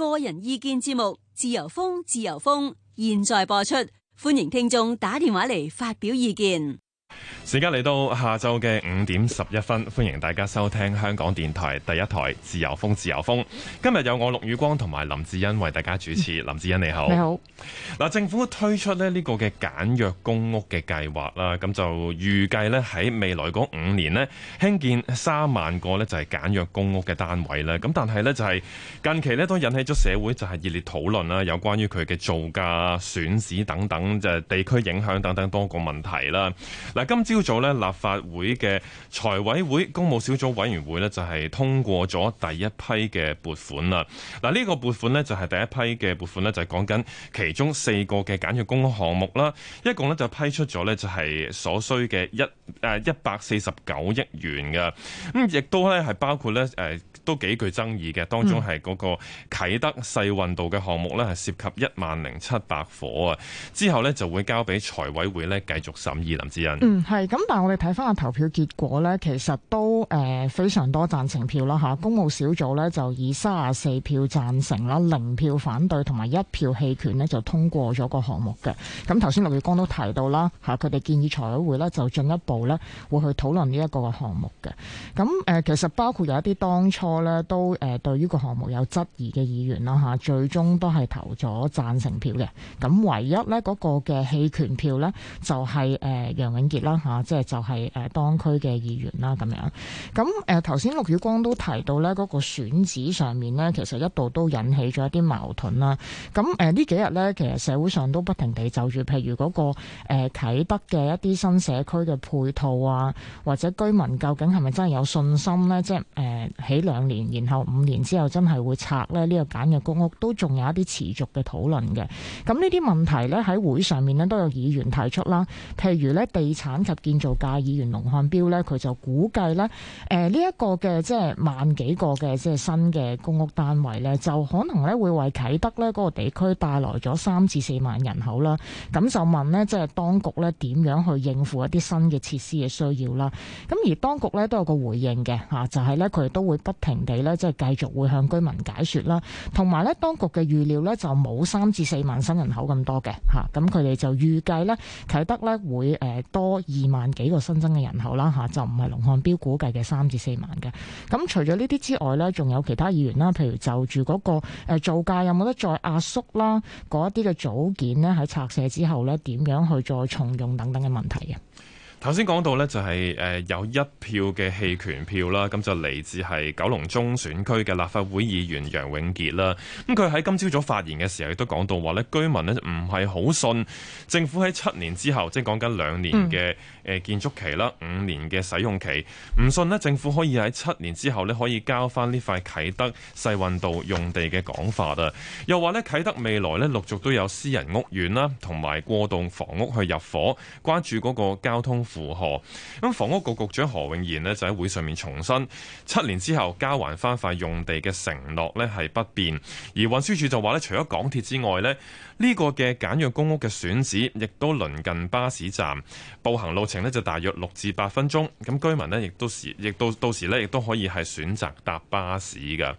個人意見節目，自由風，自由風，現在播出，歡迎聽眾打電話嚟發表意見。時間嚟到下晝嘅五點十一分，歡迎大家收聽香港電台第一台自由風。自由風今日有我陸宇光同埋林志恩為大家主持。林志恩你好，你好。嗱，政府推出呢個嘅簡約公屋嘅計劃啦，咁就預計呢喺未來嗰五年呢興建三萬個呢就係簡約公屋嘅單位啦。咁但係呢，就係近期呢都引起咗社會就係熱烈討論啦，有關於佢嘅造價、選址等等，就係地區影響等等多個問題啦。嗱，今今朝早咧，立法會嘅財委會公務小組委員會呢就係通過咗第一批嘅撥款啦。嗱，呢個撥款呢就係第一批嘅撥款呢，就係講緊其中四個嘅簡業公項目啦，一共呢就批出咗呢，就係所需嘅一誒一百四十九億元嘅。咁亦都呢係包括呢，誒、uh, 都幾具爭議嘅，當中係嗰個啟德世運道嘅項目呢，係涉及一萬零七百伙啊。之後呢，就會交俾財委會呢繼續審議。林志恩。係咁，但係我哋睇翻個投票結果咧，其實都誒非常多贊成票啦，吓，公務小組咧就以三十四票贊成啦，零票反對同埋一票棄權咧就通過咗個項目嘅。咁頭先陸月光都提到啦，吓佢哋建議財委會咧就進一步咧會去討論呢一個嘅項目嘅。咁誒其實包括有一啲當初咧都誒對於個項目有質疑嘅議員啦吓，最終都係投咗贊成票嘅。咁唯一咧嗰個嘅棄權票咧就係誒楊永杰啦。啊！即係就係誒，當區嘅議員啦，咁樣。咁誒，頭先陸宇光都提到咧，嗰個選址上面咧，其實一度都引起咗一啲矛盾啦。咁誒，呢幾日咧，其實社會上都不停地就住，譬如嗰個誒啟德嘅一啲新社區嘅配套啊，或者居民究竟係咪真係有信心咧？即係誒，起兩年，然後五年之後真係會拆咧呢個簡約公屋，都仲有一啲持續嘅討論嘅。咁呢啲問題咧喺會上面咧都有議員提出啦，譬如咧地產。及建造界議員龍漢標咧，佢就估計咧，誒呢一個嘅即係萬幾個嘅即係新嘅公屋單位咧，就可能咧會為啟德咧嗰個地區帶來咗三至四萬人口啦。咁就問咧，即係當局咧點樣去應付一啲新嘅設施嘅需要啦？咁而當局咧都有個回應嘅吓，就係咧佢都會不停地咧即係繼續會向居民解說啦，同埋咧當局嘅預料咧就冇三至四萬新人口咁多嘅吓，咁佢哋就預計咧啟德咧會誒多。二萬幾個新增嘅人口啦吓，就唔係龍漢標估計嘅三至四萬嘅。咁除咗呢啲之外呢，仲有其他議員啦，譬如就住嗰，那個誒、呃、造價有冇得再壓縮啦，嗰一啲嘅組件呢，喺拆卸之後呢，點樣去再重用等等嘅問題嘅。頭先講到呢，就係誒有一票嘅棄權票啦，咁就嚟自係九龍中選區嘅立法會議員楊永杰啦。咁佢喺今朝早發言嘅時候，亦都講到話呢居民呢唔係好信政府喺七年之後，即係講緊兩年嘅誒建築期啦，五年嘅使用期，唔信呢，政府可以喺七年之後呢可以交翻呢塊啟德世運道用地嘅講法啊。又話呢，啟德未來呢，陸續都有私人屋苑啦，同埋過渡房屋去入伙，關注嗰個交通。符合咁，房屋局局長何永賢呢，就喺會上面重申，七年之後交還翻塊用地嘅承諾呢係不變。而運輸署就話呢，除咗港鐵之外呢呢、這個嘅簡約公屋嘅選址亦都鄰近巴士站，步行路程呢就大約六至八分鐘。咁居民呢，亦都時，亦到到時呢亦都可以係選擇搭巴士噶。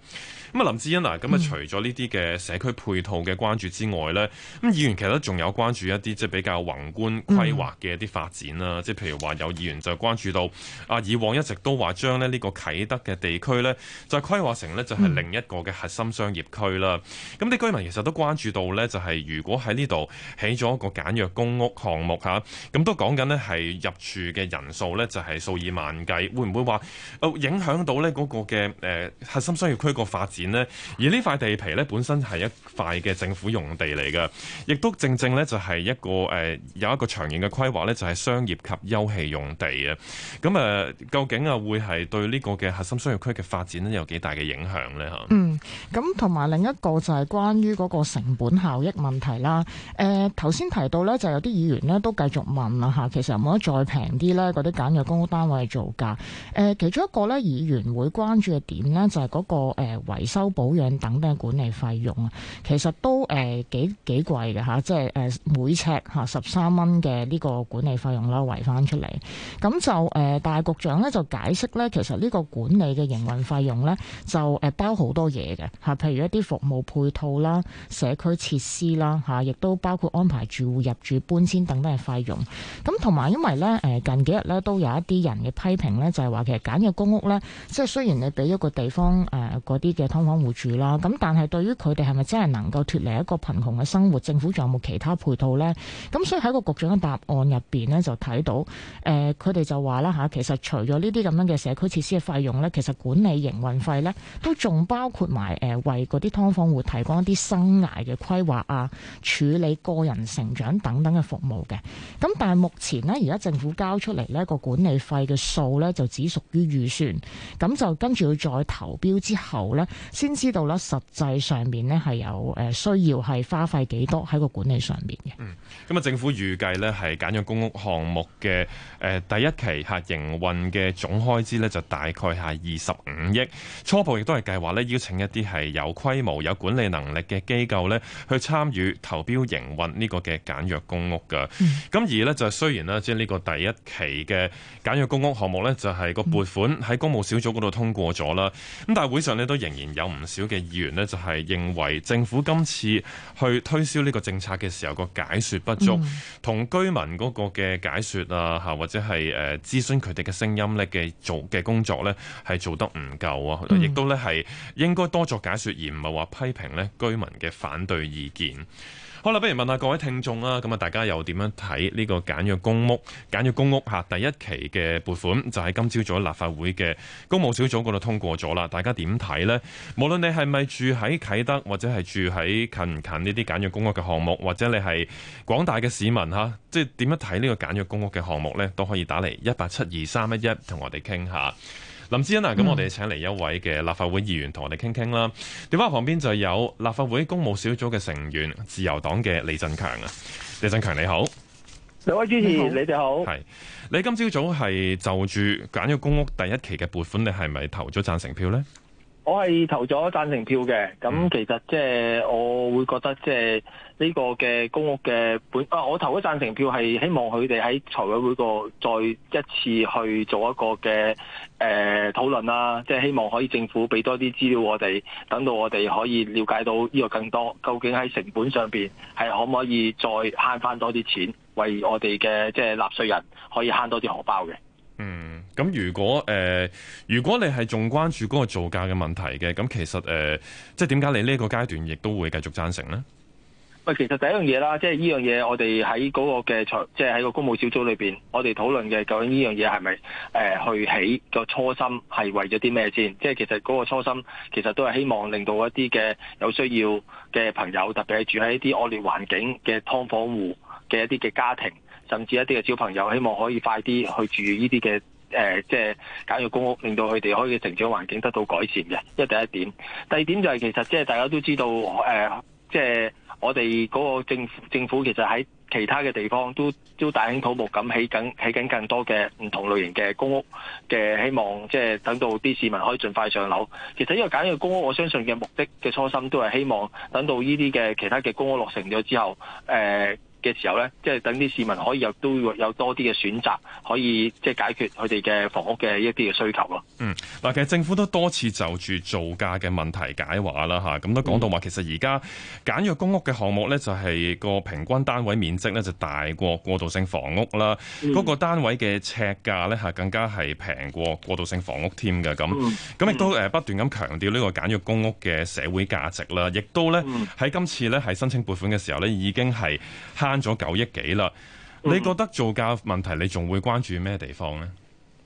咁啊，林志恩嗱，咁、嗯、啊除咗呢啲嘅社區配套嘅關注之外呢，咁議員其實都仲有關注一啲即係比較宏觀規劃嘅一啲發展啦，即、嗯譬如話有議員就關注到啊，以往一直都話將咧呢、這個啟德嘅地區呢，就規劃成呢，就係、是、另一個嘅核心商業區啦。咁啲居民其實都關注到呢，就係、是、如果喺呢度起咗一個簡約公屋項目嚇，咁、啊、都講緊呢，係入住嘅人數呢，就係、是、數以萬計，會唔會話、呃、影響到呢嗰、那個嘅誒、呃、核心商業區個發展呢？而呢塊地皮呢，本身係一塊嘅政府用地嚟嘅，亦都正正呢，就係、是、一個誒、呃、有一個長遠嘅規劃呢，就係、是、商業及休憩用地啊，咁啊，究竟啊會係對呢個嘅核心商業區嘅發展咧，有幾大嘅影響咧？吓，嗯，咁同埋另一個就係關於嗰個成本效益問題啦。誒、呃，頭先提到咧，就有啲議員咧都繼續問啦，吓，其實有冇得再平啲咧？嗰啲簡約公屋單位造價，誒、呃，其中一個咧，議員會關注嘅點咧，就係嗰個誒維修保養等等管理費用啊，其實都誒幾幾貴嘅吓，即係誒每尺吓十三蚊嘅呢個管理費用啦，違翻。出嚟，咁就誒、呃，大局長咧就解釋咧，其實呢個管理嘅營運費用咧，就誒包好多嘢嘅吓，譬如一啲服務配套啦、社區設施啦吓，亦、啊、都包括安排住戶入住、搬遷等等嘅費用。咁同埋因為咧，誒近幾日咧都有一啲人嘅批評咧，就係、是、話其實揀嘅公屋簡約公屋咧，即係雖然你俾一個地方誒嗰啲嘅劏房戶住啦，咁但係對於佢哋係咪真係能夠脫離一個貧窮嘅生活，政府仲有冇其他配套咧？咁所以喺個局長嘅答案入邊咧，就睇到。誒、呃，佢哋就話啦吓，其實除咗呢啲咁樣嘅社區設施嘅費用咧，其實管理營運費咧，都仲包括埋誒、呃、為嗰啲劏房戶提供一啲生涯嘅規劃啊，處理個人成長等等嘅服務嘅。咁但係目前呢，而家政府交出嚟呢個管理費嘅數呢，就只屬於預算。咁就跟住要再投標之後呢，先知道啦，實際上面呢係有誒需要係花費幾多喺個管理上面嘅。嗯，咁啊，政府預計呢係揀咗公屋項目嘅。誒，第一期吓營運嘅總開支呢，就大概係二十五億。初步亦都係計劃呢，邀請一啲係有規模、有管理能力嘅機構呢，去參與投標營運呢個嘅簡約公屋噶。咁、嗯、而呢，就雖然呢，即係呢個第一期嘅簡約公屋項目呢，就係個撥款喺公務小組嗰度通過咗啦。咁但係會上呢，都仍然有唔少嘅議員呢，就係認為政府今次去推銷呢個政策嘅時候，個解說不足，同居民嗰個嘅解說啊。啊，吓，或者係誒諮詢佢哋嘅聲音咧嘅做嘅工作咧係做得唔夠啊，亦都咧係應該多作解說，而唔係話批評咧居民嘅反對意見。好啦，不如問下各位聽眾啦，咁啊，大家又點樣睇呢個簡約公屋？簡約公屋嚇，第一期嘅撥款就喺今朝早立法會嘅工務小組嗰度通過咗啦。大家點睇呢？無論你係咪住喺啟德，或者係住喺近唔近呢啲簡約公屋嘅項目，或者你係廣大嘅市民嚇，即係點樣睇呢個簡約公屋嘅項目呢，都可以打嚟一八七二三一一同我哋傾下。林志恩啊，咁我哋請嚟一位嘅立法會議員同我哋傾傾啦。電話旁邊就有立法會工務小組嘅成員，自由黨嘅李振強啊。李鎮強，你好，兩位主持你哋好。你好，你好，你今朝早係就住簡約公屋第一期嘅撥款，你係咪投咗贊成票咧？我係投咗贊成票嘅，咁其實即係我會覺得即係呢個嘅公屋嘅本，啊我投咗贊成票係希望佢哋喺財委會個再一次去做一個嘅誒討論啦，即係希望可以政府俾多啲資料我哋，等到我哋可以了解到呢個更多，究竟喺成本上面係可唔可以再慳翻多啲錢，為我哋嘅即係納稅人可以慳多啲荷包嘅。嗯，咁如果誒、呃、如果你係仲關注嗰個造價嘅問題嘅，咁其實誒、呃、即係點解你呢個階段亦都會繼續贊成咧？喂，其實第一樣嘢啦，即係呢樣嘢，我哋喺嗰個嘅，即係喺個公務小組裏邊，我哋討論嘅究竟呢樣嘢係咪誒去起個初心係為咗啲咩先？即係其實嗰個初心其實都係希望令到一啲嘅有需要嘅朋友，特別係住喺一啲惡劣環境嘅劏房戶嘅一啲嘅家庭。甚至一啲嘅小朋友，希望可以快啲去住呢啲嘅誒，即係簡約公屋，令到佢哋可以成長環境得到改善嘅。因第一點，第二點就係其實即係大家都知道，誒，即係我哋嗰個政府，政府其實喺其他嘅地方都都大興土木咁起緊起緊更多嘅唔同類型嘅公屋嘅，的希望即係等到啲市民可以盡快上樓。其實呢個簡約公屋，我相信嘅目的嘅初心都係希望等到呢啲嘅其他嘅公屋落成咗之後誒，呃嘅時候咧，即係等啲市民可以有都有多啲嘅選擇，可以即係解決佢哋嘅房屋嘅一啲嘅需求咯。嗯，嗱，其實政府都多次就住造價嘅問題解話啦，嚇咁都講到話，其實而家簡約公屋嘅項目咧，就係個平均單位面積咧就大過過渡性房屋啦，嗰、嗯個單位嘅尺價咧，嚇更加係平過過渡性房屋添㗎，咁咁亦都不斷咁強調呢個簡約公屋嘅社會價值啦，亦都咧喺今次咧係申請撥款嘅時候咧已經係慳咗九億幾啦，你覺得造價問題你仲會關注咩地方呢？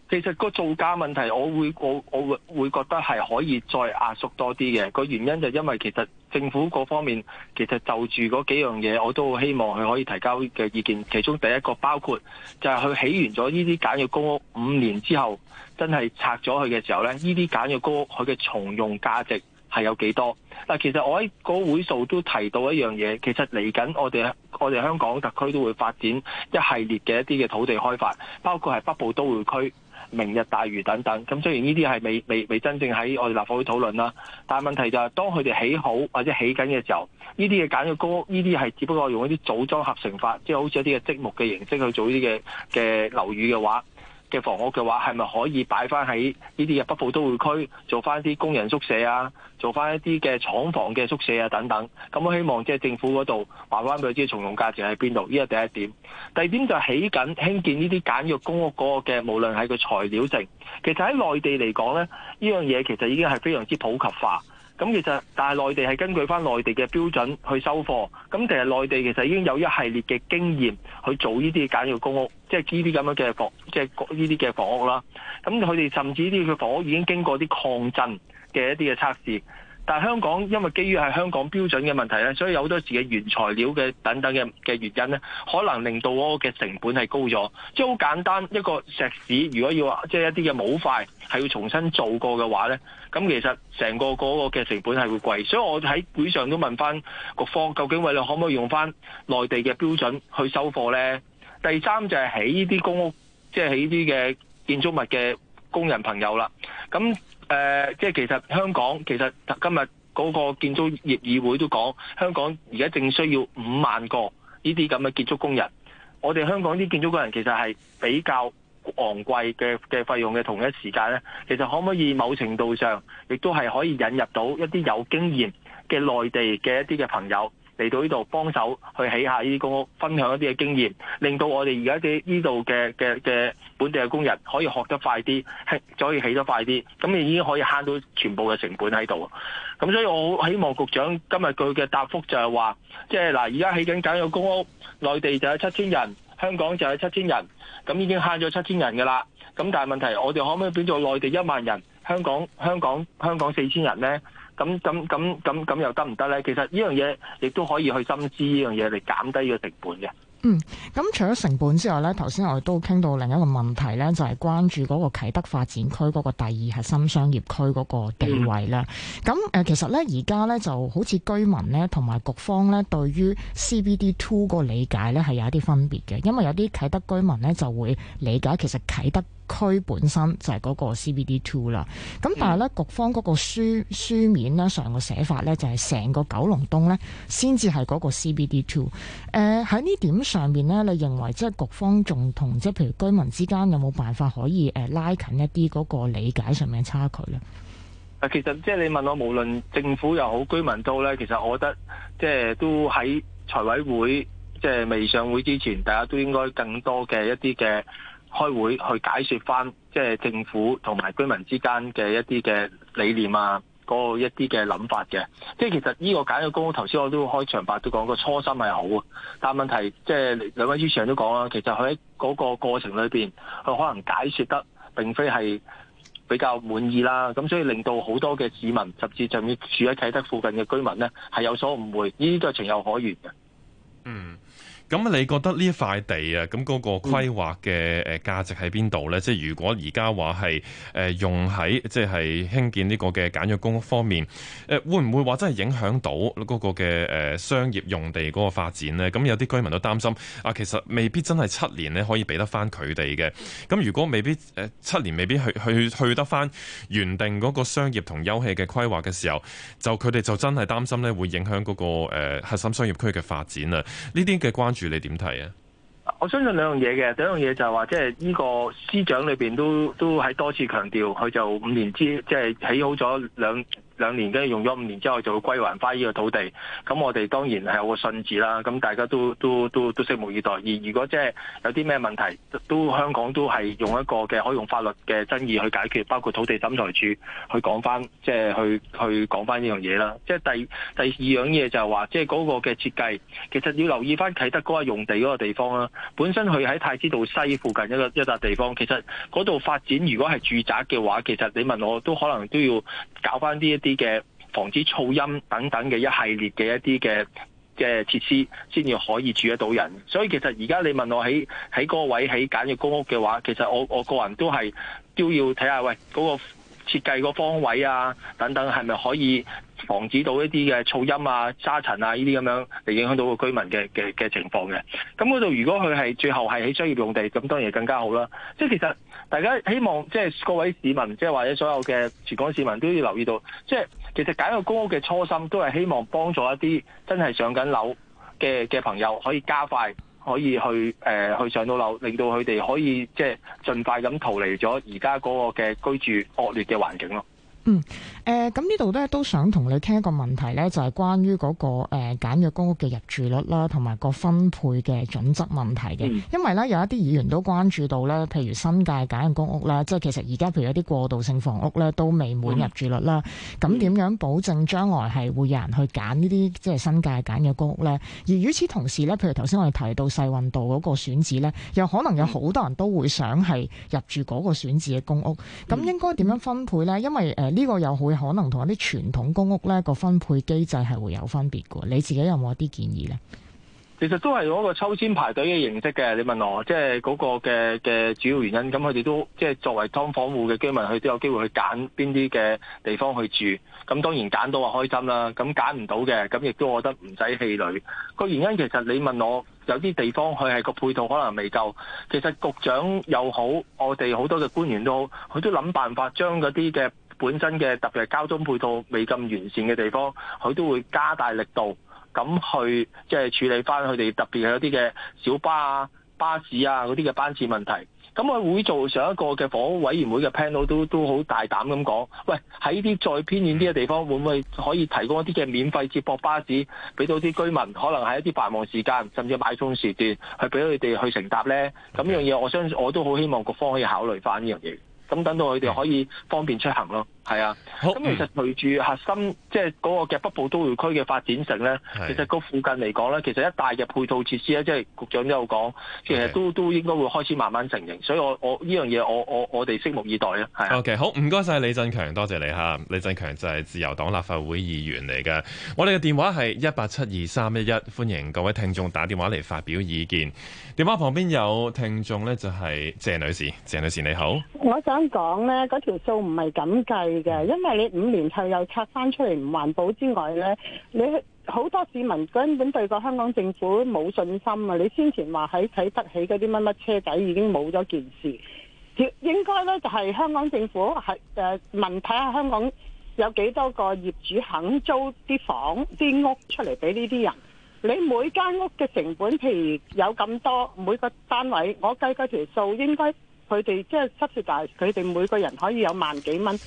其實個造價問題我會我我會會覺得係可以再壓縮多啲嘅，個原因就因為，其實政府嗰方面其實就住嗰幾樣嘢，我都希望佢可以提交嘅意見。其中第一個包括就係佢起完咗呢啲簡約公屋五年之後，真係拆咗佢嘅時候咧，呢啲簡約公屋佢嘅重用價值。係有幾多？嗱，其實我喺嗰會數都提到一樣嘢，其實嚟緊我哋，我哋香港特區都會發展一系列嘅一啲嘅土地開發，包括係北部都會區、明日大嶼等等。咁雖然呢啲係未未未真正喺我哋立法會討論啦，但係問題就係當佢哋起好或者起緊嘅時候，呢啲嘅簡約公屋，呢啲係只不過用一啲組裝合成法，即係好似一啲嘅積木嘅形式去做呢啲嘅嘅樓宇嘅話。嘅房屋嘅話，係咪可以擺翻喺呢啲嘅北部都會區做翻啲工人宿舍啊，做翻一啲嘅廠房嘅宿舍啊等等？咁我希望即係政府嗰度話翻俾佢知，重用價值喺邊度？呢個第一點，第二點就起緊興建呢啲簡約公屋嗰個嘅，無論係個材料性，其實喺內地嚟講咧，呢樣嘢其實已經係非常之普及化。咁其實，但係內地係根據翻內地嘅標準去收貨，咁其實內地其實已經有一系列嘅經驗去做呢啲簡約公屋，即係呢啲咁樣嘅房，即係呢啲嘅房屋啦。咁佢哋甚至呢啲嘅房屋已經經過啲抗震嘅一啲嘅測試。但係香港因為基於係香港標準嘅問題咧，所以有好多時嘅原材料嘅等等嘅嘅原因咧，可能令到嗰個嘅成本係高咗。即係好簡單，一個石屎如果要話即係一啲嘅模塊係要重新做過嘅話咧，咁其實成個嗰個嘅成本係會貴，所以我喺會上都問翻局方，究竟喂，你可唔可以用翻內地嘅標準去收貨咧？第三就係喺呢啲公屋，即係喺呢啲嘅建築物嘅。工人朋友啦，咁誒、呃、即係其實香港其實今日嗰個建築業議會都講，香港而家正需要五萬個呢啲咁嘅建築工人。我哋香港啲建築工人其實係比較昂貴嘅嘅費用嘅，同一時間咧，其實可唔可以某程度上亦都係可以引入到一啲有經驗嘅內地嘅一啲嘅朋友，嚟到呢度幫手去起下呢啲公屋，分享一啲嘅經驗，令到我哋而家啲呢度嘅嘅嘅本地嘅工人可以學得快啲，係就可以起得快啲。咁你已經可以慳到全部嘅成本喺度。咁所以我好希望局長今日佢嘅答覆就係話，即係嗱，而家起緊簡約公屋，內地就有七千人，香港就有七千人，咁已經慳咗七千人㗎啦。咁但係問題，我哋可唔可以變做內地一萬人，香港香港香港四千人呢？咁咁咁咁咁又得唔得咧？其實呢樣嘢亦都可以去深知呢樣嘢嚟減低個成本嘅。嗯，咁除咗成本之外咧，頭先我哋都傾到另一個問題咧，就係、是、關注嗰個啟德發展區嗰個第二核心商業區嗰個地位咧。咁、嗯呃、其實咧而家咧就好似居民咧同埋局方咧對於 CBD Two 個理解咧係有一啲分別嘅，因為有啲啟德居民咧就會理解其實啟德。區本身就係嗰個 CBD Two 啦，咁但係咧局方嗰個書、嗯、書面咧上個寫法咧就係成個九龍東咧先至係嗰個 CBD Two。誒喺呢點上面咧，你認為即係局方仲同即係譬如居民之間有冇辦法可以誒拉近一啲嗰個理解上面嘅差距咧？啊，其實即係你問我，無論政府又好，居民都咧，其實我覺得即係都喺財委會即係未上會之前，大家都應該更多嘅一啲嘅。開會去解説翻，即係政府同埋居民之間嘅一啲嘅理念啊，嗰個一啲嘅諗法嘅。即係其實呢個簡約公屋，頭先我都開場白都講個初心係好啊，但問題即係兩位主持人都講啦，其實佢喺嗰個過程裏面，佢可能解説得並非係比較滿意啦。咁所以令到好多嘅市民，甚至上面住喺啟德附近嘅居民咧，係有所誤會，呢啲都係情有可原嘅。嗯。咁你覺得呢一塊地啊，咁嗰個規劃嘅誒價值喺邊度咧？即、嗯、係如果而家話係誒用喺即係興建呢個嘅簡約公屋方面，誒會唔會話真係影響到嗰個嘅誒商業用地嗰個發展咧？咁有啲居民都擔心啊，其實未必真係七年咧可以俾得翻佢哋嘅。咁如果未必誒、呃、七年未必去去去得翻原定嗰個商業同休憩嘅規劃嘅時候，就佢哋就真係擔心咧會影響嗰、那、誒、個呃、核心商業區嘅發展啊！呢啲嘅關。住你點睇啊？我相信兩樣嘢嘅，第一樣嘢就係話，即係呢個司長裏邊都都喺多次強調，佢就五年之即係、就是，起好咗兩。兩年跟住用咗五年之後就會歸還翻呢個土地，咁我哋當然係有個信字啦。咁大家都都都都拭目以待。而如果即係有啲咩問題，都香港都係用一個嘅可以用法律嘅爭議去解決，包括土地審裁處去講翻、就是，即係去去講翻呢樣嘢啦。即係第第二樣嘢就係話，即係嗰個嘅設計，其實要留意翻啟德嗰個用地嗰個地方啦。本身佢喺太子道西附近一個一笪地方，其實嗰度發展如果係住宅嘅話，其實你問我都可能都要。搞翻呢一啲嘅防止噪音等等嘅一系列嘅一啲嘅嘅設施，先至可以住得到人。所以其實而家你問我喺喺嗰個位起簡約公屋嘅話，其實我我個人都係都要睇下喂，嗰個設計個方位啊等等，係咪可以防止到一啲嘅噪音啊、沙塵啊呢啲咁樣嚟影響到個居民嘅嘅嘅情況嘅。咁嗰度如果佢係最後係喺商業用地，咁當然更加好啦。即係其實。大家希望，即係各位市民，即係或者所有嘅全港市民都要留意到，即係其實搞個公屋嘅初心，都係希望幫助一啲真係上緊樓嘅嘅朋友，可以加快可以去誒、呃、去上到樓，令到佢哋可以即係盡快咁逃離咗而家嗰個嘅居住惡劣嘅環境咯。嗯，誒、呃，咁呢度咧，都想同你傾一個問題咧，就係、是、關於嗰、那個誒、呃、簡約公屋嘅入住率啦，同埋個分配嘅準則問題嘅、嗯。因為咧有一啲議員都關注到咧，譬如新界簡約公屋咧，即係其實而家譬如一啲過渡性房屋咧，都未滿入住率啦。咁、嗯、點樣保證將來係會有人去揀呢啲即係新界簡約公屋咧？而與此同時咧，譬如頭先我哋提到世運道嗰個選址咧，又可能有好多人都會想係入住嗰個選址嘅公屋。咁、嗯、應該點樣分配咧？因為誒。呃呢、這個有好可能同一啲傳統公屋咧，那個分配機制係會有分別嘅，你自己有冇一啲建議咧？其實都係嗰個抽簽排隊嘅形式嘅。你問我，即係嗰個嘅嘅主要原因，咁佢哋都即係、就是、作為劏房戶嘅居民，佢都有機會去揀邊啲嘅地方去住。咁當然揀到啊開心啦。咁揀唔到嘅，咁亦都我覺得唔使氣餒。個原因其實你問我，有啲地方佢係個配套可能未夠，其實局長又好，我哋好多嘅官員都好，佢都諗辦法將嗰啲嘅。本身嘅特別係交通配套未咁完善嘅地方，佢都會加大力度咁去即係、就是、處理翻佢哋特別係有啲嘅小巴啊、巴士啊嗰啲嘅班次問題，咁佢會做上一個嘅房屋委員會嘅 panel 都都好大膽咁講，喂喺啲再偏遠啲嘅地方，會唔會可以提供一啲嘅免費接駁巴士，俾到啲居民可能喺一啲繁忙時間甚至買餸時段，去俾佢哋去乘搭咧？咁、okay. 樣嘢，我相信我都好希望各方可以考慮翻呢樣嘢。咁等到佢哋可以方便出行咯。係啊，咁、嗯、其實隨住核心即係嗰個嘅北部都會區嘅發展成咧，其實個附近嚟講咧，其實一大嘅配套設施咧，即、就、係、是、局長都有講，其實都都應該會開始慢慢成型。所以我我呢樣嘢我我我哋拭目以待啦。係、啊。OK，好，唔該晒李振強，多謝、謝你吓。李振強就係自由黨立法會議員嚟嘅。我哋嘅電話係一八七二三一一，歡迎各位聽眾打電話嚟發表意見。電話旁邊有聽眾咧，就係鄭女士。鄭女士你好，我想講咧，嗰條數唔係咁計。因為你五年後又拆翻出嚟唔環保之外呢，你好多市民根本對個香港政府冇信心啊！你先前話喺睇得起嗰啲乜乜車仔已經冇咗件事，應該呢就係香港政府係誒問睇下香港有幾多個業主肯租啲房、啲屋出嚟俾呢啲人？你每間屋嘅成本譬如有咁多每個單位，我計嗰條數應該佢哋即係七十大，佢哋每個人可以有萬幾蚊。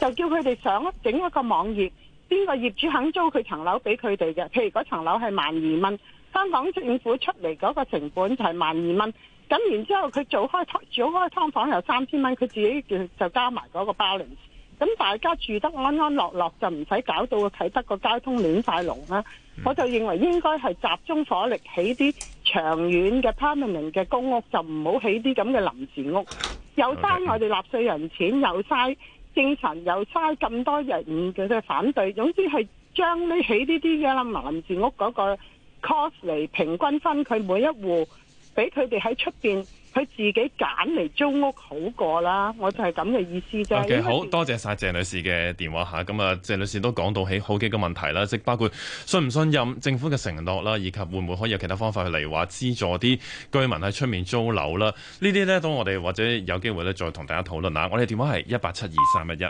就叫佢哋上一整一個網頁，邊個業主肯租佢層樓俾佢哋嘅？譬如嗰層樓係萬二蚊，香港政府出嚟嗰個成本就係萬二蚊。咁然之後佢做開、做開劏房又三千蚊，佢自己就，就加埋嗰個 balance。咁大家住得安安樂樂，就唔使搞到個啟德個交通亂晒龍啦。我就認為應該係集中火力起啲長遠嘅 permanent 嘅公屋，就唔好起啲咁嘅臨時屋，又嘥我哋納稅人錢，又嘥。正常又嘥咁多人嘅嘅反對，總之係將呢起呢啲嘅臨時屋嗰個 cost 嚟平均分佢每一戶，俾佢哋喺出邊。佢自己揀嚟租屋好過啦，我就係咁嘅意思啫。Okay，好多謝晒鄭女士嘅電話嚇，咁啊，鄭女士都講到起好幾個問題啦，即包括信唔信任政府嘅承諾啦，以及會唔會可以有其他方法去嚟話資助啲居民喺出面租樓啦？呢啲呢都我哋或者有機會咧再同大家討論啊。我哋電話係一八七二三一一。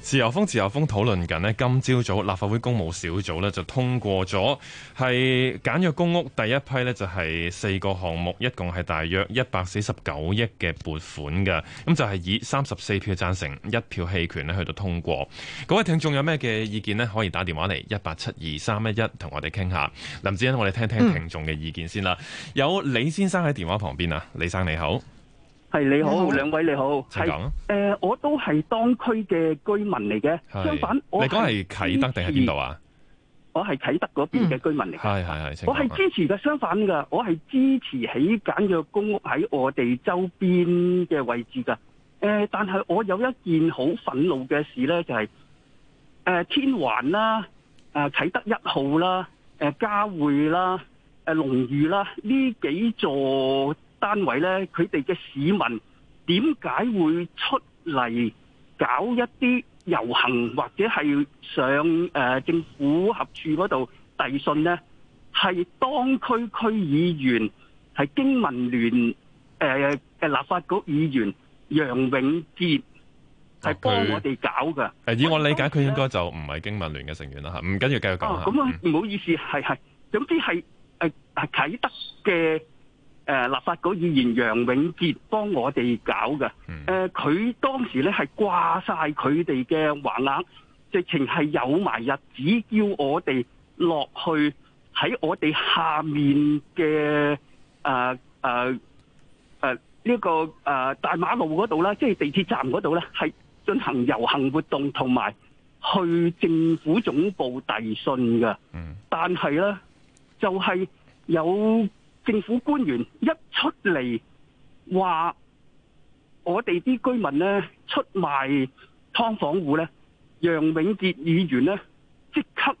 自由風自由風討論緊呢，今朝早立法會公務小組呢就通過咗，係簡約公屋第一批呢就係四個項目，一共係大約一百四十九億嘅撥款嘅，咁就係、係、以三十四票贊成，一票棄權呢去到通過。各位聽眾有咩嘅意見呢可以打電話嚟一八七二三一一同我哋傾下。林子欣，我哋聽聽聽聽眾嘅意見先啦。嗯。有李先生喺電話旁邊啊，李生你好。係你好，兩、哦、位你好。係誒、呃，我都係當區嘅居民嚟嘅。相反，我你講係啟德定係邊度啊？我係啟德嗰邊嘅居民嚟嘅。係係係，我係支持嘅。相反嘅，我係支持起簡約公屋喺我哋周邊嘅位置噶。誒、呃，但係我有一件好憤怒嘅事咧，就係、是、誒、呃、天環啦，誒、呃、啟德一號啦，誒嘉匯啦，誒龍譽啦，呢、呃、幾座。單位咧，佢哋嘅市民點解會出嚟搞一啲遊行或者係上、呃、政府合署嗰度遞信咧？係當區區議員係經民聯、呃、立法局議員楊永傑係幫我哋搞嘅啊。以我理解，佢應該就唔係經民聯嘅成員啦嚇。唔緊要，繼續講哦，咁啊，嗯、唔好意思，係係，總之係啟德嘅。誒，立法局議員楊永杰幫我哋搞嘅。誒、嗯，佢、呃、當時咧係掛晒佢哋嘅橫額，直情係有埋日子叫我哋落去喺我哋下面嘅、誒誒誒呢個誒、呃、大馬路嗰度啦，即係地鐵站嗰度咧，係進行遊行活動同埋去政府總部遞信嘅。嗯，但係咧就係、是、有。政府官員一出嚟話，我哋啲居民咧出賣劏房戶咧，楊永傑議員咧即刻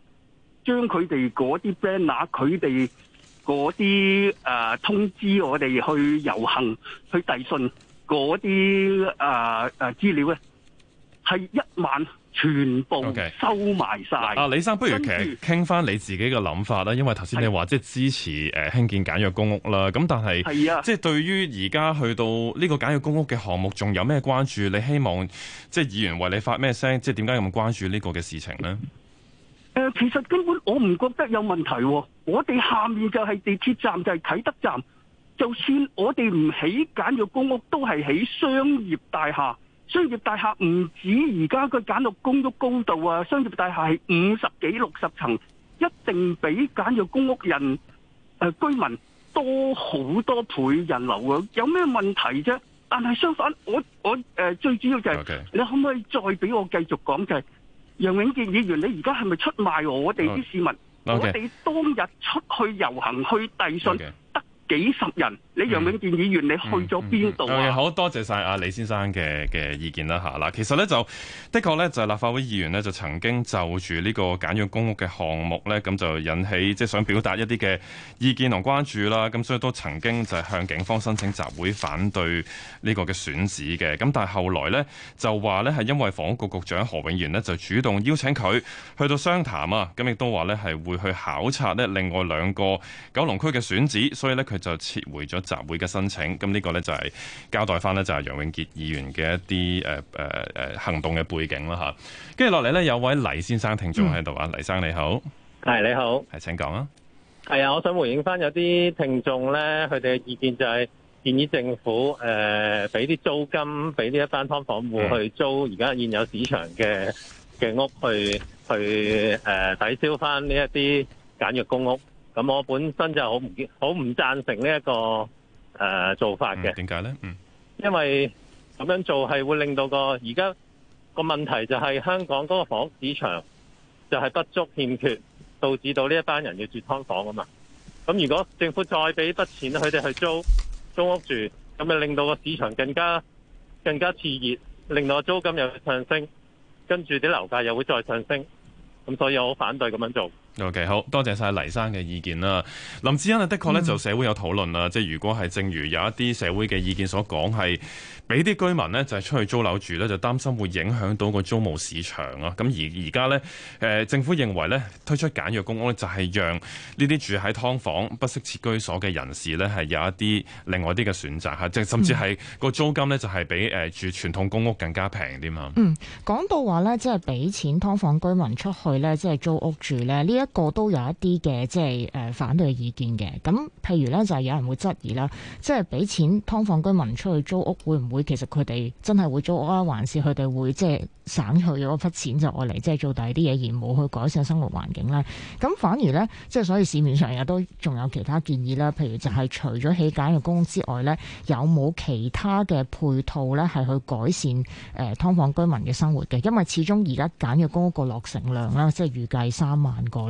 將佢哋嗰啲 banner、佢哋嗰啲通知我哋去遊行、去遞信嗰啲、啊、資料咧，係一晚。全部收埋晒。啊、okay，李生，不如其實傾翻你自己嘅諗法啦。因為頭先你話即係支持誒興、呃、建、建簡約公屋啦。咁但係、啊、即係對於而家去到呢個簡約公屋嘅項目，仲有咩關注？你希望即係議員為你發咩聲？即係點解有冇關注呢個嘅事情呢？誒、呃，其實根本我唔覺得有問題、哦。我哋下面就係地鐵站，就係、是、啟德站。就算我哋唔起簡約公屋，都係起商業大廈。商業大廈唔止而家個簡約公屋高度啊！商業大廈係五十幾六十層，一定比簡約公屋人誒、呃、居民多好多倍人流啊！有咩問題啫？但係相反，我我誒、呃、最主要就係、是 okay。你可唔可以再俾我繼續講、就是，就係楊永健議員，你而家係咪出賣我哋啲市民？Okay。我哋當日出去遊行去遞信。Okay。幾十人，你楊永健議員你去咗邊度？好多謝晒阿李先生嘅嘅意見啦，其實呢，就的確呢，就立法會議員呢，就曾經就住呢個簡約公屋嘅項目呢，咁就引起即係、就是、想表達一啲嘅意見同關注啦，咁所以都曾經就係向警方申請集會反對呢個嘅選址嘅，咁但係後來呢，就話呢，係因為房屋局局長何永賢呢，就主動邀請佢去到商談啊，咁亦都話呢，係會去考察呢另外兩個九龍區嘅選址，所以呢，佢，就撤回咗集會嘅申請，咁、這、呢個咧就係交代翻咧就係楊永杰議員嘅一啲誒誒誒行動嘅背景啦吓。跟住落嚟咧有位黎先生聽眾喺度啊，黎生你好，係你好，係請講啊。係啊，我想回應翻有啲聽眾咧，佢哋嘅意見就係建議政府誒，俾、呃、啲租金俾呢一班劏房戶去租而家現有市場嘅嘅屋去去誒、呃、抵消翻呢一啲簡約公屋。咁我本身就好唔好唔贊成呢一個誒做法嘅？點解呢？嗯，因為咁樣做係會令到個而家個問題就係香港嗰個房屋市場就係不足欠缺，導致到呢一班人要住劏房啊嘛。咁如果政府再俾筆錢佢哋去租租屋住，咁就令到個市場更加更加炙熱，令到租金又上升，跟住啲樓價又會再上升。咁所以我好反對咁樣做。OK，好多謝晒黎生嘅意見啦。林志恩啊，的確咧就社會有討論啦。即、嗯、係如果係正如有一啲社會嘅意見所講，係俾啲居民咧就係出去租樓住咧，就擔心會影響到個租務市場啊。咁而而家咧，誒政府認為咧推出簡約公屋咧，就係讓呢啲住喺劏房、不適切居所嘅人士咧，係有一啲另外啲嘅選擇嚇，即甚至係個租金咧就係比誒住傳統公屋更加平啲嘛。嗯，講到話呢即係俾錢劏房居民出去呢即係租屋住咧，呢、這、一、個個都有一啲嘅，即係誒反對的意見嘅。咁譬如咧，就係、是、有人會質疑啦，即係俾錢劏房居民出去租屋，會唔會其實佢哋真係會租屋啊？還是佢哋會即係省去咗一筆錢就愛嚟即係做第二啲嘢，而冇去改善生活環境咧？咁反而咧，即係所以市面上亦都仲有其他建議啦。譬如就係除咗起簡約公屋之外咧，有冇其他嘅配套咧，係去改善誒劏、呃、房居民嘅生活嘅？因為始終而家簡約公屋個落成量啦，即係預計三萬個。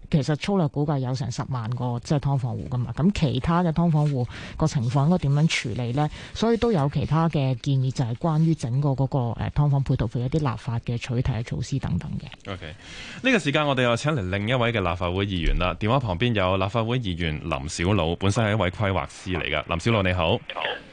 其實粗略估計有成十萬個即係㓥房戶㗎嘛，咁其他嘅㓥房戶個情況應該點樣處理呢？所以都有其他嘅建議，就係關於整個嗰個誒㓥房配套佢一啲立法嘅取替嘅措施等等嘅。OK，呢個時間我哋又請嚟另一位嘅立法會議員啦。電話旁邊有立法會議員林筱魯，本身係一位規劃師嚟噶。林筱魯你好，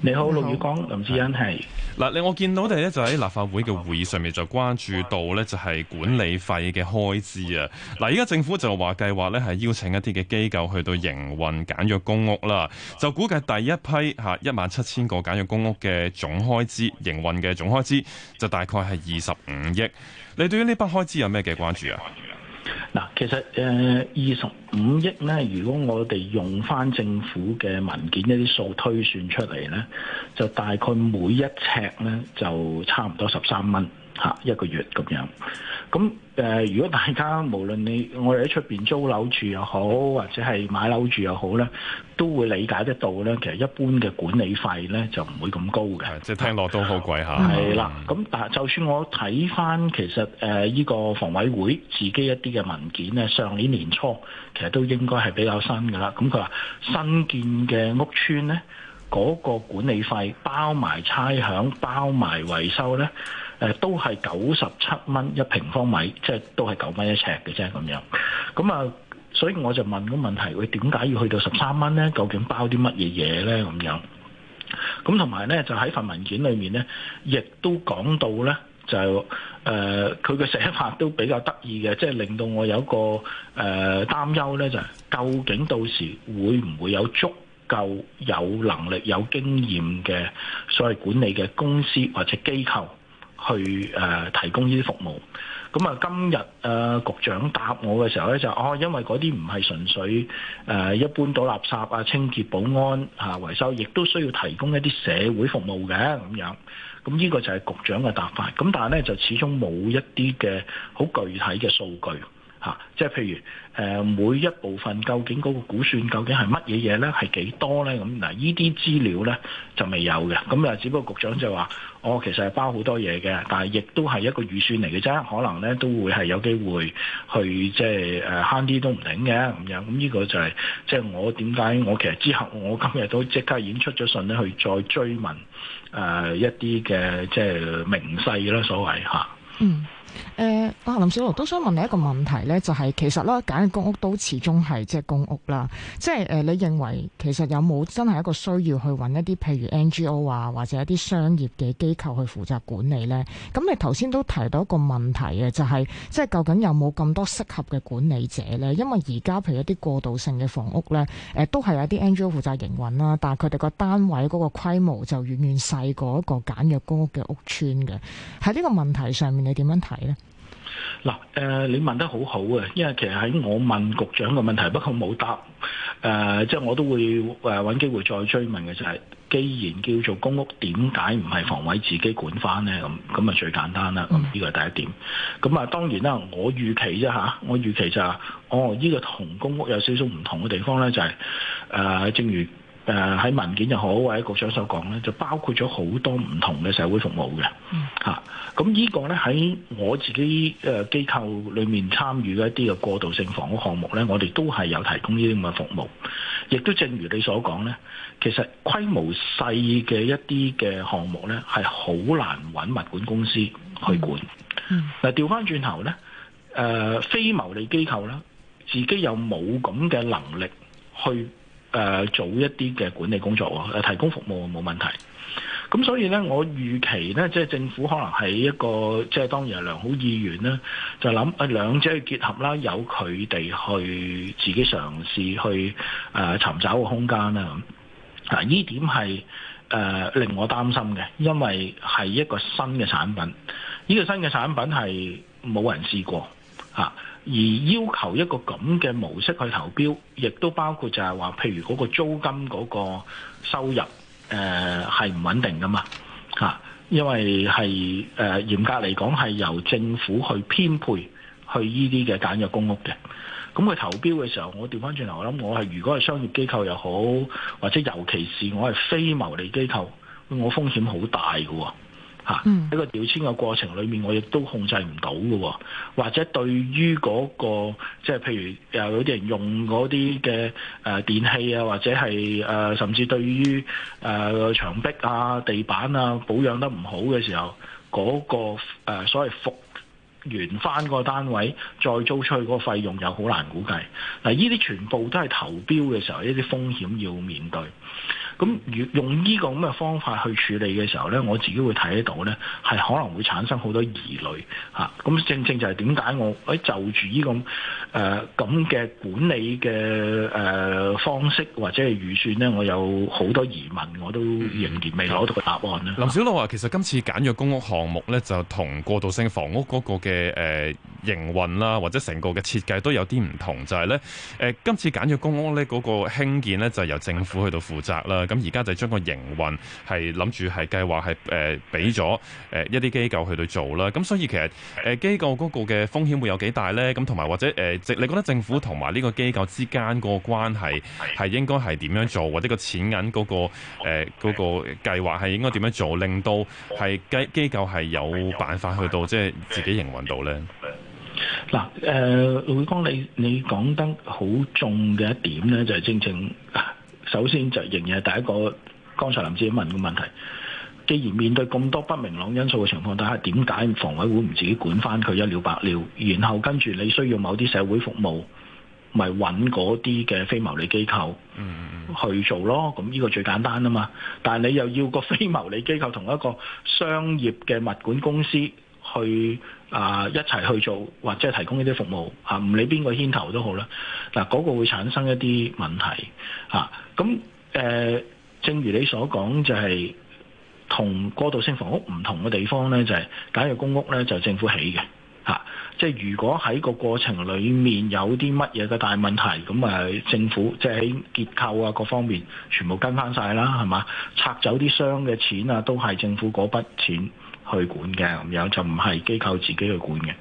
你好，你好，陸宇光林志恩係。嗱，你我見到哋咧就喺立法會嘅會議上面就關注到呢，就係管理費嘅開支啊。嗱，而家政府就話計劃咧係邀請一啲嘅機構去到營運簡約公屋啦，就估計第一批吓一萬七千個簡約公屋嘅總開支，營運嘅總開支就大概係二十五億。你對於呢筆開支有咩嘅關注啊？嗱，其實誒，二十五億咧，如果我哋用翻政府嘅文件一啲數推算出嚟咧，就大概每一尺咧就差唔多十三蚊吓一個月咁樣。咁誒、呃，如果大家無論你我哋喺出面租樓住又好，或者係買樓住又好咧，都會理解得到咧。其實一般嘅管理費咧，就唔會咁高嘅。即係聽落都好貴下，係啦，咁、嗯、但係就算我睇翻其實誒呢、呃呢個房委會自己一啲嘅文件咧，上年年初其實都應該係比較新噶啦。咁佢話新建嘅屋邨咧，嗰、嗰個管理費包埋差餉、包埋維修咧。都係九十七蚊一平方米，即係都係九蚊一尺嘅啫，咁樣咁啊。所以我就問個問題，佢點解要去到十三蚊呢？究竟包啲乜嘢嘢呢？咁樣咁同埋呢，就喺份文件裏面呢，亦都講到呢，就誒佢嘅寫法都比較得意嘅，即係令到我有個誒擔憂呢，就係究竟到時會唔會有足夠有能力、有經驗嘅所謂管理嘅公司或者機構？去、呃、提供呢啲服務，咁啊今日誒、呃、局長答我嘅時候咧，就哦，因為嗰啲唔係純粹誒、呃、一般倒垃圾啊、清潔、保安啊、維修，亦都需要提供一啲社會服務嘅咁樣，咁呢、嗯，這個就係局長嘅答法，咁但係咧就始終冇一啲嘅好具體嘅數據。嚇！即係譬如誒，每一部分究竟嗰個估算究竟係乜嘢嘢咧，係幾多咧？咁嗱，呢啲資料咧就未有嘅。咁啊，只不過局長就話：我、哦、其實係包好多嘢嘅，但係亦都係一個預算嚟嘅啫。可能咧都會係有機會去即係誒慳啲都唔定嘅咁樣。咁呢個就係即係我點解我其實之後我今日都即刻已經出咗信咧去再追問誒、呃、一啲嘅即係明細啦，所謂嚇、啊。嗯。誒、呃，啊，林筱魯都想問你一個問題呢，就係、是、其實咧，簡約公屋都始終係即係公屋啦，即係誒，你認為其實有冇真係一個需要去揾一啲譬如 NGO 啊，或者一啲商業嘅機構去負責管理呢？咁你頭先都提到一個問題嘅，就係即係究竟有冇咁多適合嘅管理者呢？因為而家譬如一啲過渡性嘅房屋呢，誒、呃，都係有啲 NGO 負責營運啦，但係佢哋個單位嗰個規模就遠遠細過一個簡約公屋嘅屋邨嘅。喺呢個問題上面，你點樣睇？嗱，誒你問得好好啊，因為其實喺我問局長嘅問題，不過冇答，誒即係我都會誒揾機會再追問嘅就係。既然叫做公屋，點解唔係房委自己管翻咧？咁咁啊最簡單啦，咁呢個係第一點。咁啊當然啦，我預期啫吓？我預期就係哦，呢個同公屋有少少唔同嘅地方咧，就係誒正如。誒、呃、喺文件又好或者局長所講咧，就包括咗好多唔同嘅社會服務嘅嚇。咁、嗯啊、呢個咧喺我自己誒、呃、機構裏面參與一啲嘅過渡性房屋項目咧，我哋都係有提供呢啲咁嘅服務。亦都正如你所講咧，其實規模細嘅一啲嘅項目咧，係好難搵物管公司去管。嗱、嗯，調翻轉頭咧，誒非牟利機構呢，自己又冇咁嘅能力去。誒、呃、做一啲嘅管理工作，呃、提供服務冇問題。咁所以呢，我預期呢，即係政府可能喺一個，即係當然係良好意願啦，就諗兩者去結合啦，有佢哋去自己嘗試去、呃、尋找個空間啦。咁呢、啊、點係、呃、令我擔心嘅，因為係一個新嘅產品，呢、這個新嘅產品係冇人試過、啊而要求一個咁嘅模式去投標亦都包括就係話，譬如嗰個租金嗰個收入，係、呃、唔穩定噶嘛？因為係、呃、嚴格嚟講係由政府去編配去依啲嘅簡約公屋嘅。咁佢投標嘅時候，我調翻轉頭，我諗我係如果係商業機構又好，或者尤其是我係非牟利機構，我風險好大噶喎、啊。嚇！一、 啊、個調遷嘅過程裏面，我亦都控制唔到嘅，或者對於嗰、嗰個即係譬如誒有啲人用嗰啲嘅誒電器啊，或者係誒、呃、甚至對於誒、呃、牆壁啊、地板啊保養得唔好嘅時候，嗰、嗰個、呃、所謂復原返個單位再租出去嗰個費用又好難估計。嗱、啊，呢啲全部都係投標嘅時候，呢啲風險要面對。咁如用呢個咁嘅方法去處理嘅時候咧，我自己會睇得到咧，係可能會產生好多疑慮吓。咁正正就係點解我喺、哎、就住呢、這個。誒咁嘅管理嘅誒、呃、方式或者係預算呢，我有好多疑問，我都仍然未攞到個答案啦。林筱魯話、啊，其實今次簡約公屋項目呢，就同過渡性房屋嗰個嘅誒、呃、營運啦，或者成個嘅設計都有啲唔同，就係、是、呢、呃。今次簡約公屋呢嗰個興建呢，就是、由政府去到負責啦。咁而家就將個營運，係諗住係計劃，係誒俾咗一啲機構去到做啦。咁所以其實機、呃、構構嗰個嘅風險會有幾大呢？咁同埋或者、呃你覺得政府同埋呢個機構之間個關係係應該係點樣做？或者個錢銀嗰、嗰個誒嗰、呃嗰個計劃係應該點樣做，令到係機機構係有辦法去到即係、就是、自己營運到呢？嗱、呃，誒，會光你你講得好重嘅一點呢，就係正正首先就仍然係第一個，剛才林筱魯問嘅問題。既然面對咁多不明朗因素嘅情況，但係點解房委會唔自己管翻佢一了百了？然後跟住你需要某啲社會服務，咪揾嗰啲嘅非牟利機構去做咯。咁、這、呢個最簡單啊嘛。但係你又要個非牟利機構同一個商業嘅物管公司去啊、呃、一齊去做，或者提供呢啲服務嚇，唔理邊個牽頭都好啦。嗱，嗰個會產生一啲問題嚇。咁、啊呃、正如你所講、就係，就係。同過渡性房屋唔同嘅地方呢，就係、係、假如公屋呢，就係、政府起嘅、啊，即係如果喺個過程裏面有啲乜嘢嘅大問題，咁啊政府即係喺結構啊各方面全部跟翻曬啦，係嘛？拆走啲箱嘅錢啊，都係政府嗰筆錢去管嘅，咁樣就唔係機構自己去管嘅。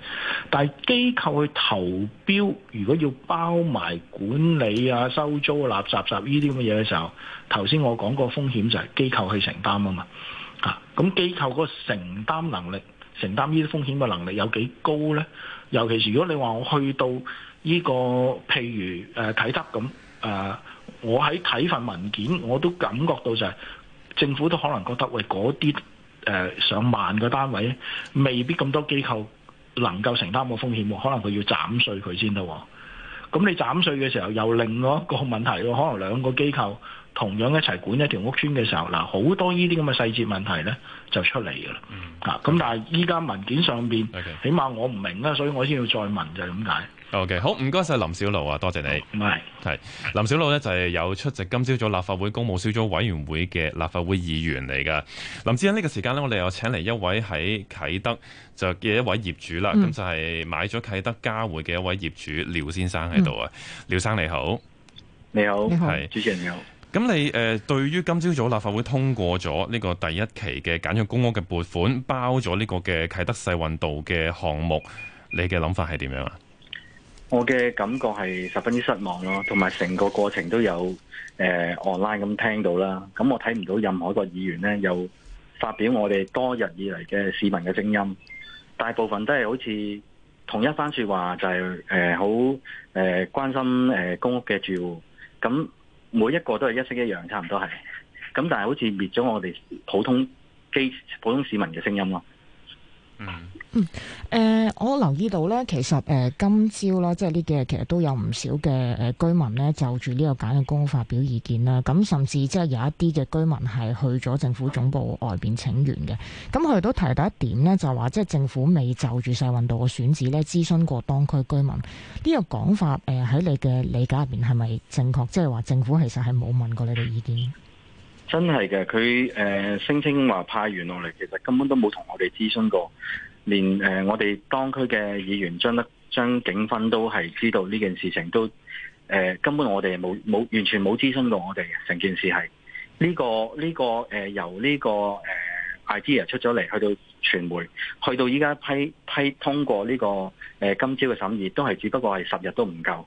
但係機構去投標，如果要包埋管理啊、收租、垃圾集呢啲咁嘅嘢嘅時候，頭先我講過風險就係機構去承擔啊嘛。啊！咁機構嗰個承擔能力，承擔呢啲風險嘅能力有幾高呢？尤其是如果你話我去到呢、這個譬如誒啟德咁誒，我喺睇份文件，我都感覺到就係、是、政府都可能覺得喂嗰啲誒上萬個單位未必咁多機構能夠承擔個風險喎，可能佢要斬碎佢先得。咁你斬碎嘅時候，又另外一個問題喎，可能兩個機構。同樣一齊管一條屋村嘅時候，嗱好多呢啲咁嘅細節問題咧就出嚟噶啦。啊、嗯，咁但係依家文件上邊，okay. 起碼我唔明啦，所以我先要再問就係噉解？OK，好唔該晒林筱魯啊，多謝，謝你。唔係，係林筱魯咧就係、是、有出席今朝早立法會公務小組委員會嘅立法會議員嚟噶。林志恩呢個時間咧，我哋又請嚟一位喺啟德就嘅一位業主啦，咁、嗯、就係買咗啟德嘉匯嘅一位業主廖先生喺度啊。廖生你好，你好，係主持人你好。咁你誒、呃，對於今朝早立法會通過咗呢個第一期嘅簡約公屋嘅撥款，包咗呢個嘅啟德世運道嘅項目，你嘅諗法係點樣啊？我嘅感覺係十分之失望咯，同埋成個過程都有誒 online 咁聽到啦。咁我睇唔到任何一個議員呢有發表我哋多日以嚟嘅市民嘅聲音，大部分都係好似同一番說話，就係誒好誒關心誒、呃、公屋嘅住戶咁。每一個都係一式一樣，差唔多係，咁但係好似滅咗我哋普通機普通市民嘅聲音咯。嗯，誒、嗯呃，我留意到咧，其實誒、呃、今朝啦，即係呢幾日，其實都有唔少嘅誒居民咧，就住呢個簡約公屋發表意見啦。咁甚至即係有一啲嘅居民係去咗政府總部外邊請願嘅。咁佢都提到一點咧，就話即係政府未就住世運道嘅選址咧諮詢過當區居民。呢、這個講法，誒、呃、喺你嘅理解入邊係咪正確？即係話政府其實係冇問過你哋意見？真係嘅，佢誒、呃、聲稱話派員落嚟，其實根本都冇同我哋諮詢過，連誒、呃、我哋當區嘅議員張、張德張景芬都係知道呢件事情，都誒、呃、根本我哋冇冇完全冇諮詢過我哋成件事係呢、這個呢、這個誒、呃、由呢、這個誒、呃、idea 出咗嚟，去到傳媒，去到依家批批通過呢、這個誒、呃、今朝嘅審議，都係只不過係十日都唔夠，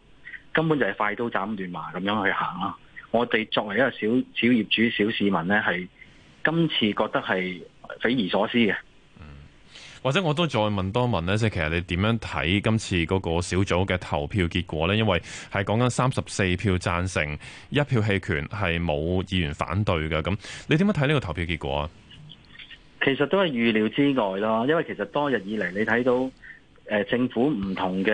根本就係快刀斬亂麻咁樣去行咯、啊。我哋作為一個小小業主、小市民呢，係今次覺得係匪夷所思嘅。嗯，或者我都再問多問呢，即係其實你點樣睇今次嗰個小組嘅投票結果呢？因為係講緊三十四票贊成，一票棄權，係冇議員反對嘅。咁你點樣睇呢個投票結果啊？其實都係預料之外啦，因為其實多日以嚟，你睇到，呃，政府唔同嘅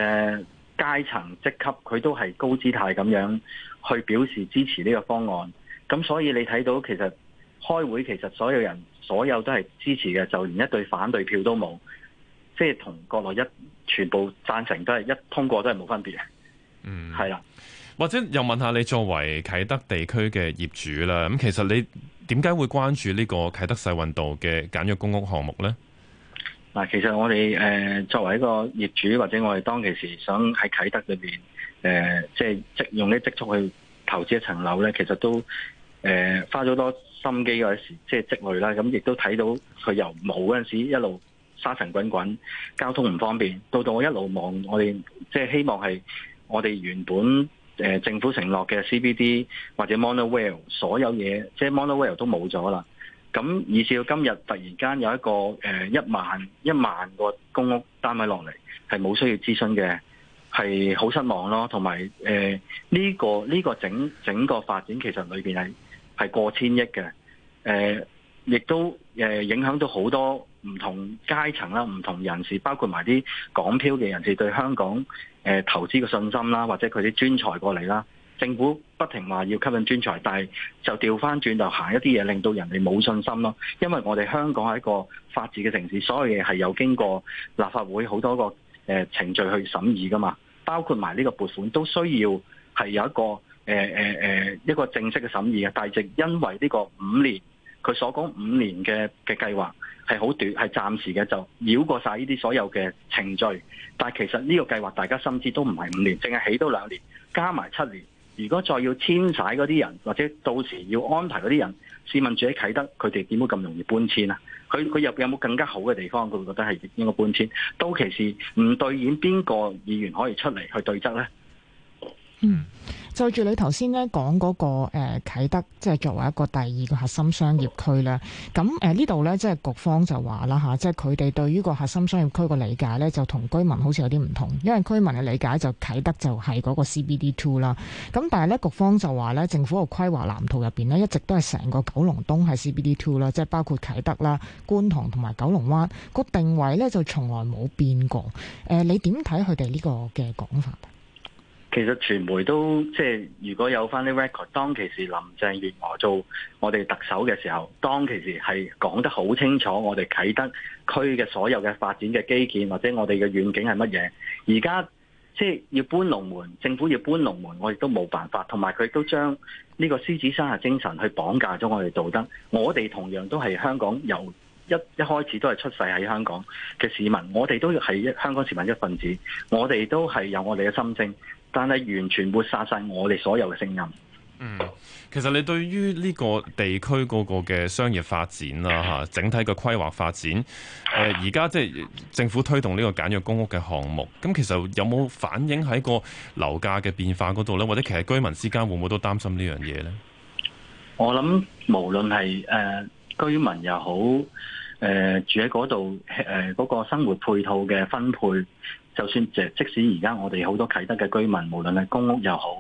階層職級，佢都係高姿態咁樣。去表示支持呢個方案，咁所以你睇到其實開會其實所有人所有都係支持嘅，就連一對反對票都冇，即係同國內一全部贊成都係一通過都係冇分別嘅。嗯，係啦，或者又問下你作為啟德地區嘅業主啦，咁其實你點解會關注呢個啟德世運道嘅簡約公屋項目咧？嗱，其實我哋誒、呃、作為一個業主，或者我哋當其時想喺啟德裏邊。誒、呃，即係即用啲積蓄去投資一層樓咧，其實都誒、呃、花咗多心機嗰時，即係積累啦。咁亦都睇到佢由冇嗰陣時一路沙塵滾滾，交通唔方便，到到我一路望我哋，即、就、係、是、希望係我哋原本誒、呃、政府承諾嘅 CBD 或者 monorail 所有嘢，即、就、係、是、monorail 都冇咗啦。咁以至到今日突然間有一個誒、呃、一萬一萬個公屋單位落嚟，係冇需要諮詢嘅。係好失望咯，同埋誒呢個呢、這個整整個發展其實裏邊係係過千億嘅，誒、呃、亦都誒、呃、影響到好多唔同階層啦、唔同人士，包括埋啲港漂嘅人士對香港誒、呃、投資嘅信心啦，或者佢啲專才過嚟啦，政府不停話要吸引專才，但係就調翻轉頭行一啲嘢，令到人哋冇信心咯。因為我哋香港係一個法治嘅城市，所有嘢係有經過立法會好多個誒程序去審議噶嘛。包括埋呢個撥款都需要係有一個誒、呃呃、一個正式嘅審議嘅，但係正因為呢個五年，佢所講五年嘅嘅計劃係好短，係暫時嘅就繞過曬呢啲所有嘅程序。但係其實呢個計劃大家深知都唔係五年，淨係起多兩年加埋七年。如果再要遷徙嗰啲人，或者到時要安排嗰啲人，試問自己啟德，佢哋點會咁容易搬遷啊？佢佢入邊有冇更加好嘅地方？佢會覺得係應該搬遷，到期時唔兌現邊個議員可以出嚟去對質咧？嗯，就住你頭先咧講嗰個誒啟德，即係作為一個第二個核心商業區呢。咁誒呢度咧，即係局方就話啦吓，即係佢哋對於個核心商業區個理解咧，就同居民好似有啲唔同。因為居民嘅理解就啟德就係嗰個 CBD Two 啦。咁但係咧局方就話咧，政府個規劃藍圖入邊咧，一直都係成個九龍東係 CBD Two 啦，即係包括啟德啦、觀塘同埋九龍灣個定位咧，就從來冇變過。誒，你點睇佢哋呢個嘅講法？其實傳媒都即係如果有翻啲 record，當其時林鄭月娥做我哋特首嘅時候，當其時係講得好清楚，我哋啟德區嘅所有嘅發展嘅基建或者我哋嘅願景係乜嘢。而家即係要搬龍門，政府要搬龍門，我亦都冇辦法。同埋佢亦都將呢個獅子山下精神去綁架咗我哋道德。我哋同樣都係香港有。一一開始都係出世喺香港嘅市民，我哋都係香港市民的一份子，我哋都係有我哋嘅心聲，但係完全抹殺晒我哋所有嘅聲音。嗯，其實你對於呢個地區嗰個嘅商業發展啦，吓整體嘅規劃發展，誒，而家即係政府推動呢個簡約公屋嘅項目，咁其實有冇反映喺個樓價嘅變化嗰度呢？或者其實居民之間會唔會都擔心呢樣嘢呢？我諗，無論係誒。居民又好，誒、呃、住喺嗰度誒，嗰個生活配套嘅分配，就算即即使而家我哋好多啟德嘅居民，無論係公屋又好，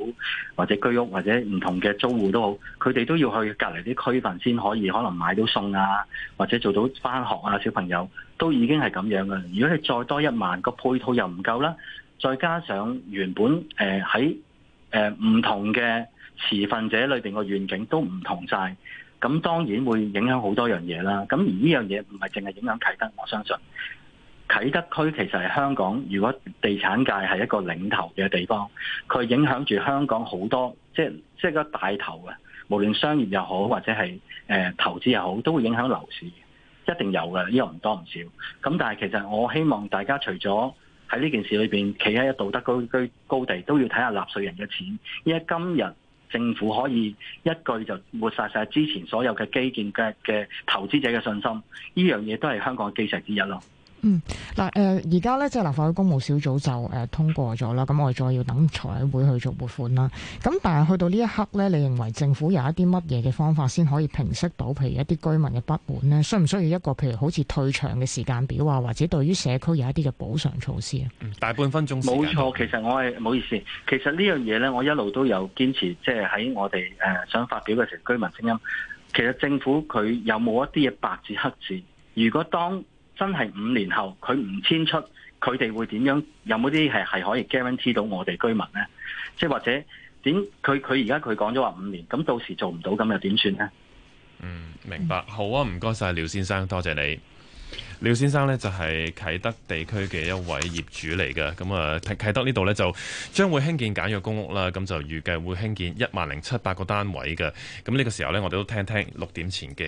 或者居屋或者唔同嘅租戶都好，佢哋都要去隔離啲區份先可以可能買到餸啊，或者做到返學啊，小朋友都已經係咁樣噶。如果你再多一萬個配套又唔夠啦，再加上原本誒喺唔同嘅持份者裏邊嘅願景都唔同晒。咁當然會影響好多樣嘢啦。咁而呢樣嘢唔係淨係影響啟德，我相信啟德區其實係香港，如果地產界係一個領頭嘅地方，佢影響住香港好多，即係即係個大頭嘅，無論商業又好，或者係誒投資又好，都會影響樓市，一定有嘅，呢個唔多唔少。咁但係其實我希望大家除咗喺呢件事裏面企喺道德高高高地，都要睇下納稅人嘅錢。因為今日。政府可以一句就抹殺晒之前所有嘅基建嘅嘅投資者嘅信心，呢樣嘢都係香港嘅基石之一咯。嗯，嗱、呃，誒而家咧，即係立法會公務小組就、呃、通過咗啦，咁我哋再要等財委會去做撥款啦。咁但係去到呢一刻咧，你認為政府有一啲乜嘢嘅方法先可以平息到譬如一啲居民嘅不滿咧？需唔需要一個譬如好似退場嘅時間表啊，或者對於社區有一啲嘅補償措施啊、嗯？大半分鐘。冇錯，其實我係唔好意思，其實呢樣嘢咧，我一路都有堅持，即係喺我哋想發表嘅成居民聲音。其實政府佢有冇一啲嘅白字黑字？如果當真係五年後，佢唔遷出，佢哋會點樣？有冇啲係係可以 guarantee 到我哋居民呢？即係或者點？佢佢而家佢講咗話五年，咁到時做唔到，咁又點算呢？嗯，明白。好啊，唔該晒廖先生，多謝你。廖先生呢，就係啟德地區嘅一位業主嚟嘅。咁啊，啟德呢度呢，就將會興建簡約公屋啦。咁就預計會興建一萬零七百個單位嘅。咁呢個時候呢，我哋都聽聽六點前嘅。